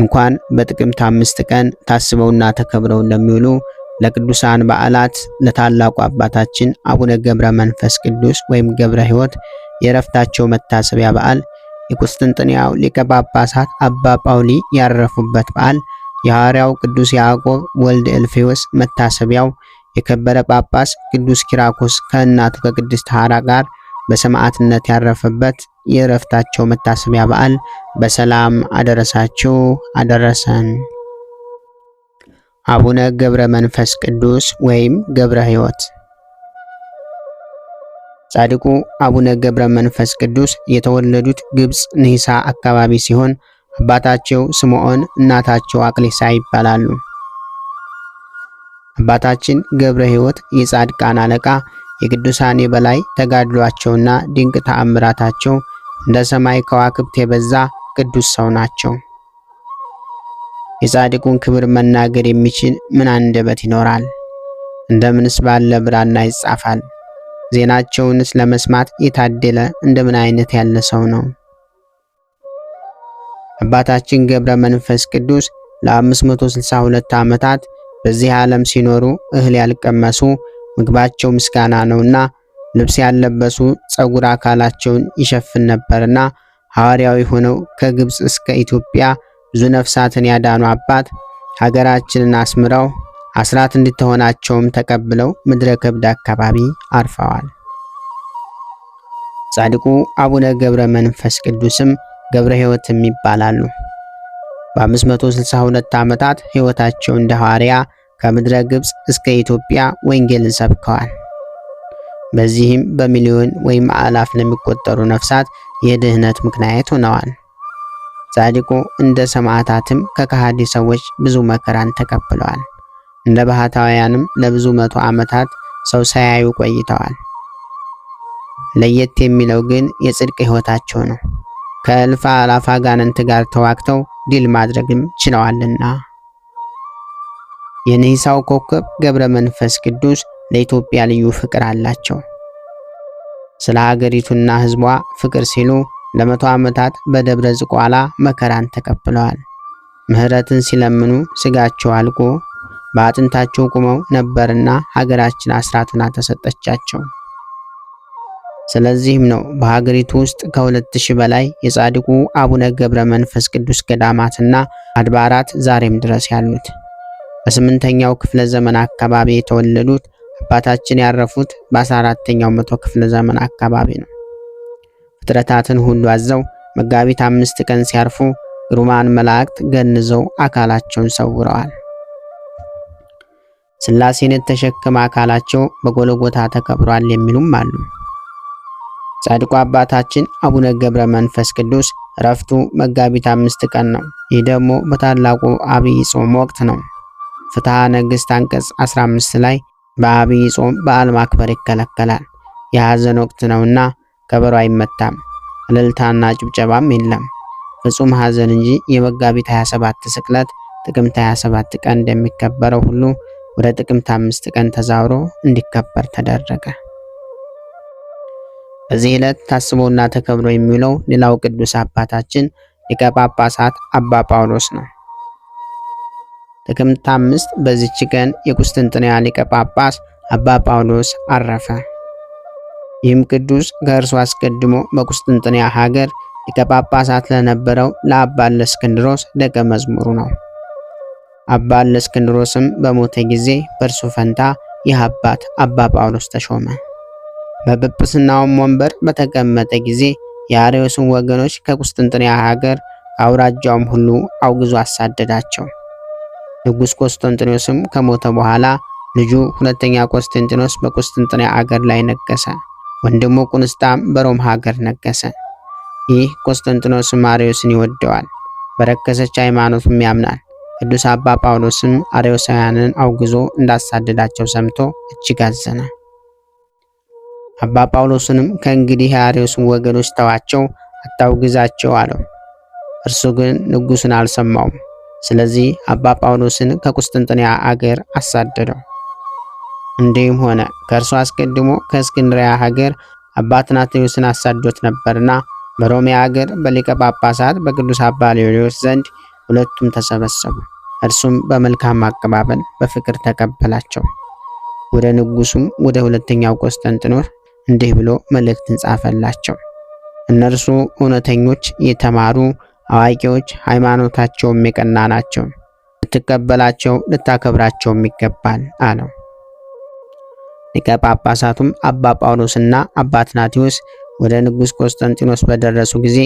እንኳን በጥቅምት አምስት ቀን ታስበውና ተከብረው እንደሚውሉ ለቅዱሳን በዓላት ለታላቁ አባታችን አቡነ ገብረ መንፈስ ቅዱስ ወይም ገብረ ሕይወት የእረፍታቸው መታሰቢያ በዓል፣ የቁስጥንጥንያው ሊቀ ጳጳሳት አባ ጳውሊ ያረፉበት በዓል፣ የሐዋርያው ቅዱስ ያዕቆብ ወልድ እልፌዎስ መታሰቢያው፣ የከበረ ጳጳስ ቅዱስ ኪራኮስ ከእናቱ ከቅድስት ሐራ ጋር በሰማዕትነት ያረፈበት የእረፍታቸው መታሰቢያ በዓል በሰላም አደረሳችሁ አደረሰን። አቡነ ገብረ መንፈስ ቅዱስ ወይም ገብረ ሕይወት ጻድቁ አቡነ ገብረ መንፈስ ቅዱስ የተወለዱት ግብፅ ንሂሳ አካባቢ ሲሆን አባታቸው ስምዖን እናታቸው አቅሊሳ ይባላሉ። አባታችን ገብረ ሕይወት የጻድቃን አለቃ የቅዱሳን የበላይ ተጋድሏቸውና ድንቅ ተአምራታቸው እንደ ሰማይ ከዋክብት የበዛ ቅዱስ ሰው ናቸው። የጻድቁን ክብር መናገር የሚችል ምን አንደበት ይኖራል? እንደምንስ ባለ ብራና ይጻፋል? ዜናቸውንስ ለመስማት የታደለ እንደምን አይነት ያለ ሰው ነው? አባታችን ገብረ መንፈስ ቅዱስ ለ562 ዓመታት በዚህ ዓለም ሲኖሩ እህል ያልቀመሱ ምግባቸው ምስጋና ነውና ልብስ ያልለበሱ ጸጉር አካላቸውን ይሸፍን ነበርና ሐዋርያዊ ሆነው ከግብፅ እስከ ኢትዮጵያ ብዙ ነፍሳትን ያዳኑ አባት ሀገራችንን አስምረው አስራት እንድትሆናቸውም ተቀብለው ምድረ ከብድ አካባቢ አርፈዋል። ጻድቁ አቡነ ገብረ መንፈስ ቅዱስም ገብረ ሕይወትም ይባላሉ። በ562 ዓመታት ሕይወታቸው እንደ ሐዋርያ ከምድረ ግብፅ እስከ ኢትዮጵያ ወንጌልን ሰብከዋል። በዚህም በሚሊዮን ወይም አላፍ ለሚቆጠሩ ነፍሳት የድህነት ምክንያት ሆነዋል። ጻድቁ እንደ ሰማዕታትም ከከሃዲ ሰዎች ብዙ መከራን ተቀብለዋል። እንደ ባህታውያንም ለብዙ መቶ ዓመታት ሰው ሳያዩ ቆይተዋል። ለየት የሚለው ግን የጽድቅ ሕይወታቸው ነው። ከእልፍ አላፍ አጋንንት ጋር ተዋግተው ድል ማድረግም ችለዋልና። የንሂሳው ኮከብ ገብረ መንፈስ ቅዱስ ለኢትዮጵያ ልዩ ፍቅር አላቸው። ስለ ሀገሪቱና ሕዝቧ ፍቅር ሲሉ ለመቶ ዓመታት በደብረ ዝቋላ መከራን ተቀብለዋል። ምህረትን ሲለምኑ ስጋቸው አልቆ በአጥንታቸው ቁመው ነበርና ሀገራችን አስራትና ተሰጠቻቸው። ስለዚህም ነው በሀገሪቱ ውስጥ ከሁለት ሺህ በላይ የጻድቁ አቡነ ገብረ መንፈስ ቅዱስ ገዳማትና አድባራት ዛሬም ድረስ ያሉት። በስምንተኛው ክፍለ ዘመን አካባቢ የተወለዱት አባታችን ያረፉት በአስራ አራተኛው መቶ ክፍለ ዘመን አካባቢ ነው። ፍጥረታትን ሁሉ አዘው መጋቢት አምስት ቀን ሲያርፉ ግሩማን መላእክት ገንዘው አካላቸውን ሰውረዋል። ስላሴን የተሸከመ አካላቸው በጎለጎታ ተከብሯል የሚሉም አሉ። ጻድቁ አባታችን አቡነ ገብረ መንፈስ ቅዱስ እረፍቱ መጋቢት አምስት ቀን ነው። ይህ ደግሞ በታላቁ አብይ ጾም ወቅት ነው። ፍትሐ ነገሥት አንቀጽ 15 ላይ በአብይ ጾም በዓል ማክበር ይከለከላል። የሐዘን ወቅት ነውና ከበሮ አይመታም፣ እልልታና ጭብጨባም የለም። ፍጹም ሐዘን እንጂ የመጋቢት 27 ስቅለት ጥቅምት 27 ቀን እንደሚከበረው ሁሉ ወደ ጥቅምት አምስት ቀን ተዛውሮ እንዲከበር ተደረገ። በዚህ ዕለት ታስቦና ተከብሮ የሚውለው ሌላው ቅዱስ አባታችን ሊቀ ጳጳሳት አባ ጳውሎስ ነው። ጥቅምት አምስት በዚች ቀን የቁስጥንጥንያ ሊቀ ጳጳስ አባ ጳውሎስ አረፈ። ይህም ቅዱስ ከእርሱ አስቀድሞ በቁስጥንጥንያ ሀገር ሊቀ ጳጳሳት ለነበረው ለአባ እለእስክንድሮስ ደቀ መዝሙሩ ነው። አባ እለእስክንድሮስም በሞተ ጊዜ በእርሱ ፈንታ ይህ አባት አባ ጳውሎስ ተሾመ። በጵጵስናውም ወንበር በተቀመጠ ጊዜ የአርዮስን ወገኖች ከቁስጥንጥንያ ሀገር አውራጃውም ሁሉ አውግዞ አሳደዳቸው። ንጉሥ ቆስጠንጢኖስም ከሞተ በኋላ ልጁ ሁለተኛ ቆስጠንጢኖስ በቁስጥንጥንያ አገር ላይ ነገሰ። ወንድሙ ቁንስጣም በሮም ሀገር ነገሰ። ይህ ቆስጠንጢኖስ አርዮስን ይወደዋል፣ በረከሰች ሃይማኖቱም ያምናል። ቅዱስ አባ ጳውሎስም አርዮሳውያንን አውግዞ እንዳሳደዳቸው ሰምቶ እጅግ አዘነ። አባ ጳውሎስንም ከእንግዲህ የአርዮስን ወገኖች ተዋቸው፣ አታውግዛቸው አለው። እርሱ ግን ንጉሥን አልሰማውም። ስለዚህ አባ ጳውሎስን ከቁስጥንጥንያ አገር አሳደደው። እንዲህም ሆነ ከእርሱ አስቀድሞ ከእስክንድሪያ ሀገር አባ ትናቴዎስን አሳዶት ነበርና በሮሜ አገር በሊቀ ጳጳሳት በቅዱስ አባ ሌዎስ ዘንድ ሁለቱም ተሰበሰቡ። እርሱም በመልካም አቀባበል በፍቅር ተቀበላቸው። ወደ ንጉሱም ወደ ሁለተኛው ቆስጠንጥኖር እንዲህ ብሎ መልእክትን ጻፈላቸው። እነርሱ እውነተኞች የተማሩ አዋቂዎች ሃይማኖታቸውም የቀና ናቸው፣ ልትቀበላቸው ልታከብራቸውም ይገባል አለው። ሊቀ ጳጳሳቱም አባ ጳውሎስና አባ ትናቴዎስ ወደ ንጉሥ ቆስጠንጢኖስ በደረሱ ጊዜ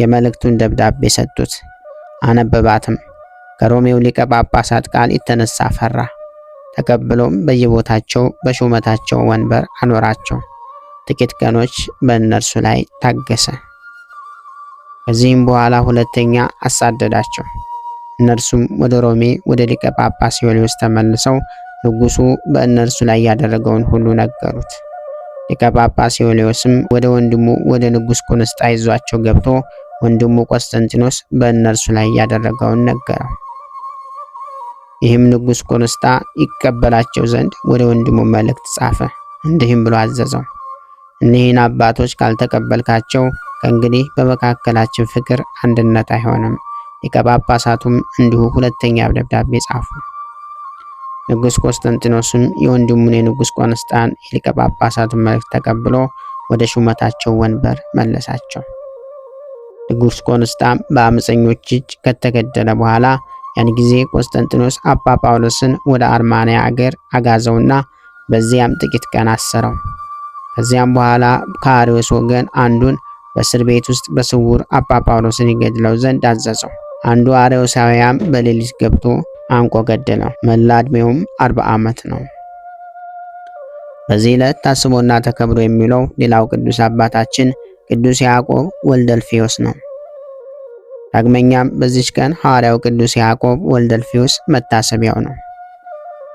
የመልእክቱን ደብዳቤ ሰጡት። አነበባትም። ከሮሜው ሊቀ ጳጳሳት ቃል የተነሳ ፈራ። ተቀብሎም በየቦታቸው በሹመታቸው ወንበር አኖራቸው። ጥቂት ቀኖች በእነርሱ ላይ ታገሰ። ከዚህም በኋላ ሁለተኛ አሳደዳቸው። እነርሱም ወደ ሮሜ ወደ ሊቀ ጳጳስ ዮልዮስ ተመልሰው ንጉሱ በእነርሱ ላይ ያደረገውን ሁሉ ነገሩት። ሊቀ ጳጳስ ዮልዮስም ወደ ወንድሙ ወደ ንጉስ ቁንስጣ ይዟቸው ገብቶ ወንድሙ ቆስጠንጢኖስ በእነርሱ ላይ ያደረገውን ነገረው። ይህም ንጉስ ቁንስጣ ይቀበላቸው ዘንድ ወደ ወንድሙ መልእክት ጻፈ፣ እንዲህም ብሎ አዘዘው እኒህን አባቶች ካልተቀበልካቸው ከእንግዲህ በመካከላችን ፍቅር አንድነት አይሆንም። ሊቀ ጳጳሳቱም እንዲሁ ሁለተኛ ደብዳቤ ጻፉ። ንጉሥ ቆስጠንጢኖስም የወንድሙን የንጉሥ ቆንስጣን የሊቀ ጳጳሳቱን መልእክት ተቀብሎ ወደ ሹመታቸው ወንበር መለሳቸው። ንጉሥ ቆንስጣም በአመፀኞች እጅ ከተገደለ በኋላ ያን ጊዜ ቆስጠንጢኖስ አባ ጳውሎስን ወደ አርማንያ አገር አጋዘውና በዚያም ጥቂት ቀን አሰረው። ከዚያም በኋላ ከአሪዎስ ወገን አንዱን በእስር ቤት ውስጥ በስውር አባ ጳውሎስን ይገድለው ዘንድ አዘዘው። አንዱ አርዮሳውያም በሌሊት ገብቶ አንቆ ገደለው። መላ ዕድሜውም አርባ ዓመት ነው። በዚህ ዕለት ታስቦና ተከብሮ የሚውለው ሌላው ቅዱስ አባታችን ቅዱስ ያዕቆብ ወልደልፊዮስ ነው። ዳግመኛም በዚች ቀን ሐዋርያው ቅዱስ ያዕቆብ ወልደልፊዮስ መታሰቢያው ነው።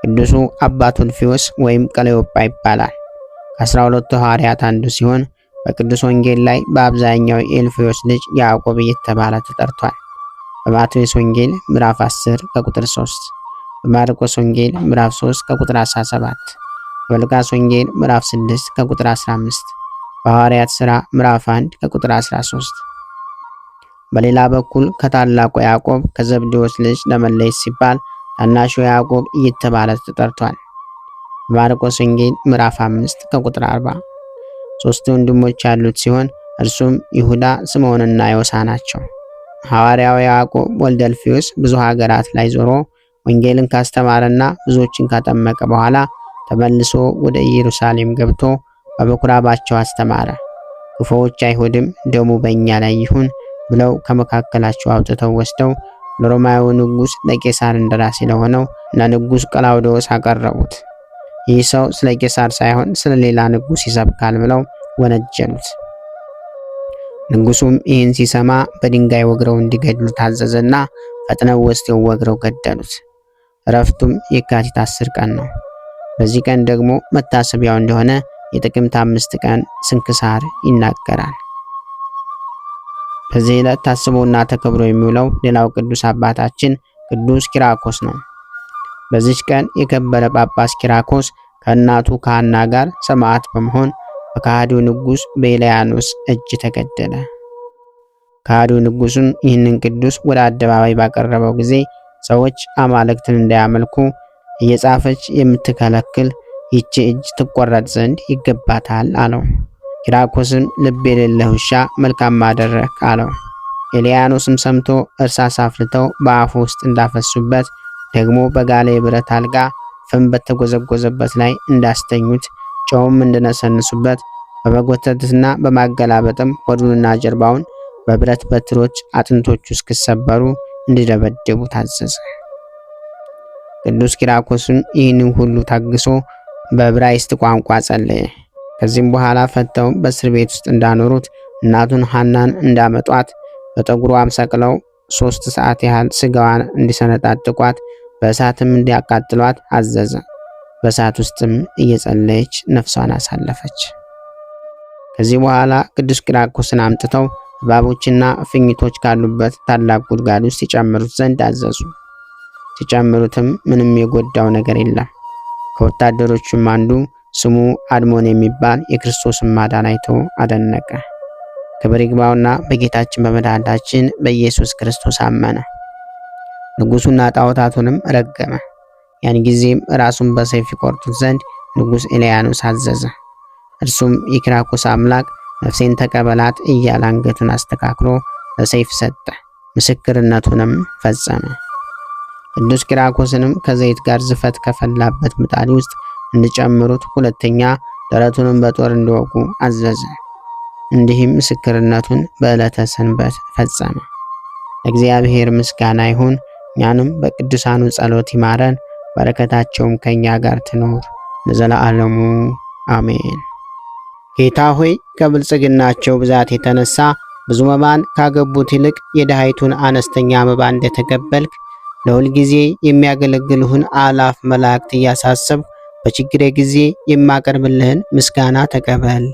ቅዱሱ አባቱልፊዎስ ቱልፊዮስ ወይም ቀለዮጳ ይባላል። ከአስራ ሁለቱ ሐዋርያት አንዱ ሲሆን በቅዱስ ወንጌል ላይ በአብዛኛው የእልፍዮስ ልጅ ያዕቆብ እየተባለ ተጠርቷል። በማቴዎስ ወንጌል ምዕራፍ 10 ከቁጥር 3፣ በማርቆስ ወንጌል ምዕራፍ 3 ከቁጥር 17፣ በሉቃስ ወንጌል ምዕራፍ 6 ከቁጥር 15፣ በሐዋርያት ሥራ ምዕራፍ 1 ከቁጥር 13። በሌላ በኩል ከታላቁ ያዕቆብ ከዘብዴዎስ ልጅ ለመለየት ሲባል ታናሹ ያዕቆብ እየተባለ ተጠርቷል። በማርቆስ ወንጌል ምዕራፍ 5 ከቁጥር 40 ሶስት ወንድሞች ያሉት ሲሆን እርሱም ይሁዳ፣ ስምዖንና ዮሳ ናቸው። ሐዋርያው ያዕቆብ ወልደልፊዮስ ብዙ ሀገራት ላይ ዞሮ ወንጌልን ካስተማረና ብዙዎችን ካጠመቀ በኋላ ተመልሶ ወደ ኢየሩሳሌም ገብቶ በበኩራባቸው አስተማረ። ክፉዎች አይሁድም ደሙ በእኛ ላይ ይሁን ብለው ከመካከላቸው አውጥተው ወስደው ለሮማዊ ንጉሥ ለቄሳር እንደራሴ ለሆነው ለንጉሥ ቀላውዶስ አቀረቡት። ይህ ሰው ስለ ቄሳር ሳይሆን ስለ ሌላ ንጉሥ ይሰብካል ብለው ወነጀሉት። ንጉሱም ይህን ሲሰማ በድንጋይ ወግረው እንዲገድሉ ታዘዘና ፈጥነው ወስደው ወግረው ገደሉት። እረፍቱም የካቲት አስር ቀን ነው። በዚህ ቀን ደግሞ መታሰቢያው እንደሆነ የጥቅምት አምስት ቀን ስንክሳር ይናገራል። በዚህ ዕለት ታስቦና ተከብሮ የሚውለው ሌላው ቅዱስ አባታችን ቅዱስ ኪራኮስ ነው። በዚች ቀን የከበረ ጳጳስ ኪራኮስ ከእናቱ ከሐና ጋር ሰማዕት በመሆን በካህዲው ንጉሥ በኤልያኖስ እጅ ተገደለ። ካህዲው ንጉሡም ይህንን ቅዱስ ወደ አደባባይ ባቀረበው ጊዜ ሰዎች አማልክትን እንዳያመልኩ እየጻፈች የምትከለክል ይቺ እጅ ትቆረጥ ዘንድ ይገባታል አለው። ኪራኮስም ልብ የሌለህ ውሻ መልካም ማደረክ አለው። ኤልያኖስም ሰምቶ እርሳስ አፍልተው በአፉ ውስጥ እንዳፈሱበት ደግሞ በጋለ የብረት አልጋ ፍም በተጎዘጎዘበት ላይ እንዳስተኙት ጨውም እንደነሰንሱበት በመጎተትና በማገላበጥም ሆዱንና ጀርባውን በብረት በትሮች አጥንቶቹ እስክሰበሩ እንዲደበደቡ ታዘዘ። ቅዱስ ኪራኮስም ይህንን ሁሉ ታግሶ በዕብራይስጥ ቋንቋ ጸለየ። ከዚህም በኋላ ፈተው በእስር ቤት ውስጥ እንዳኖሩት እናቱን ሐናን እንዳመጧት በጠጉሯም ሰቅለው ሶስት ሰዓት ያህል ስጋዋን እንዲሰነጣጥቋት በእሳትም እንዲያቃጥሏት አዘዘ። በእሳት ውስጥም እየጸለየች ነፍሷን አሳለፈች። ከዚህ በኋላ ቅዱስ ቂራቆስን አምጥተው እባቦችና ፍኝቶች ካሉበት ታላቅ ጉድጓድ ውስጥ ይጨምሩት ዘንድ አዘዙ። ሲጨምሩትም ምንም የጎዳው ነገር የለም። ከወታደሮቹም አንዱ ስሙ አድሞን የሚባል የክርስቶስን ማዳን አይቶ አደነቀ። ክብር ይግባውና በጌታችን በመድኃኒታችን በኢየሱስ ክርስቶስ አመነ። ንጉሱና ጣዖታቱንም ረገመ። ያን ጊዜም ራሱን በሰይፍ ይቆርጡት ዘንድ ንጉስ ኤልያኖስ አዘዘ። እርሱም የኪራኮስ አምላክ ነፍሴን ተቀበላት እያለ አንገቱን አስተካክሎ በሰይፍ ሰጠ። ምስክርነቱንም ፈጸመ። ቅዱስ ኪራኮስንም ከዘይት ጋር ዝፈት ከፈላበት ምጣድ ውስጥ እንዲጨምሩት፣ ሁለተኛ ደረቱንም በጦር እንዲወጉ አዘዘ። እንዲህም ምስክርነቱን በዕለተ ሰንበት ፈጸመ። ለእግዚአብሔር ምስጋና ይሁን። እኛንም በቅዱሳኑ ጸሎት ይማረን፣ በረከታቸውም ከእኛ ጋር ትኖር ለዘላለሙ አሜን። ጌታ ሆይ ከብልጽግናቸው ብዛት የተነሳ ብዙ መባን ካገቡት ይልቅ የድሃይቱን አነስተኛ መባ እንደተቀበልክ ለሁል ጊዜ የሚያገለግልህን አላፍ መላእክት እያሳሰብ በችግሬ ጊዜ የማቀርብልህን ምስጋና ተቀበል።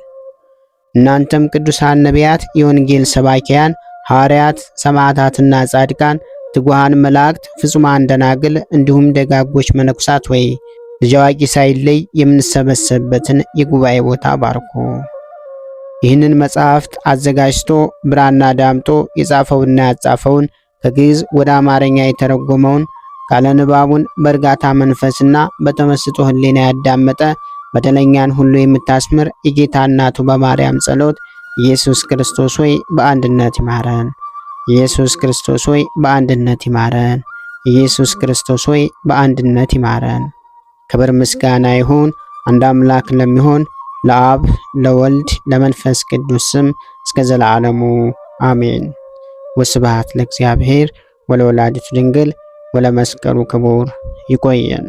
እናንተም ቅዱሳን ነቢያት፣ የወንጌል ሰባኪያን ሐዋርያት፣ ሰማዕታትና ጻድቃን ትጉሃን መላእክት፣ ፍጹማን ደናግል እንዲሁም ደጋጎች መነኩሳት ወይ ልጅ አዋቂ ሳይለይ የምንሰበሰብበትን የጉባኤ ቦታ ባርኮ ይህንን መጽሐፍት አዘጋጅቶ ብራና ዳምጦ የጻፈውና ያጻፈውን ከግዕዝ ወደ አማርኛ የተረጎመውን ቃለ ንባቡን በእርጋታ መንፈስና በተመስጦ ሕሊና ያዳመጠ በደለኛን ሁሉ የምታስምር የጌታ እናቱ በማርያም ጸሎት ኢየሱስ ክርስቶስ ሆይ በአንድነት ይማረን። ኢየሱስ ክርስቶስ ሆይ በአንድነት ይማረን። ኢየሱስ ክርስቶስ ሆይ በአንድነት ይማረን። ክብር ምስጋና ይሁን አንድ አምላክ ለሚሆን ለአብ ለወልድ ለመንፈስ ቅዱስ ስም እስከ ዘለዓለሙ አሜን። ወስብሐት ለእግዚአብሔር ወለወላዲቱ ድንግል ወለመስቀሉ ክቡር። ይቆየን።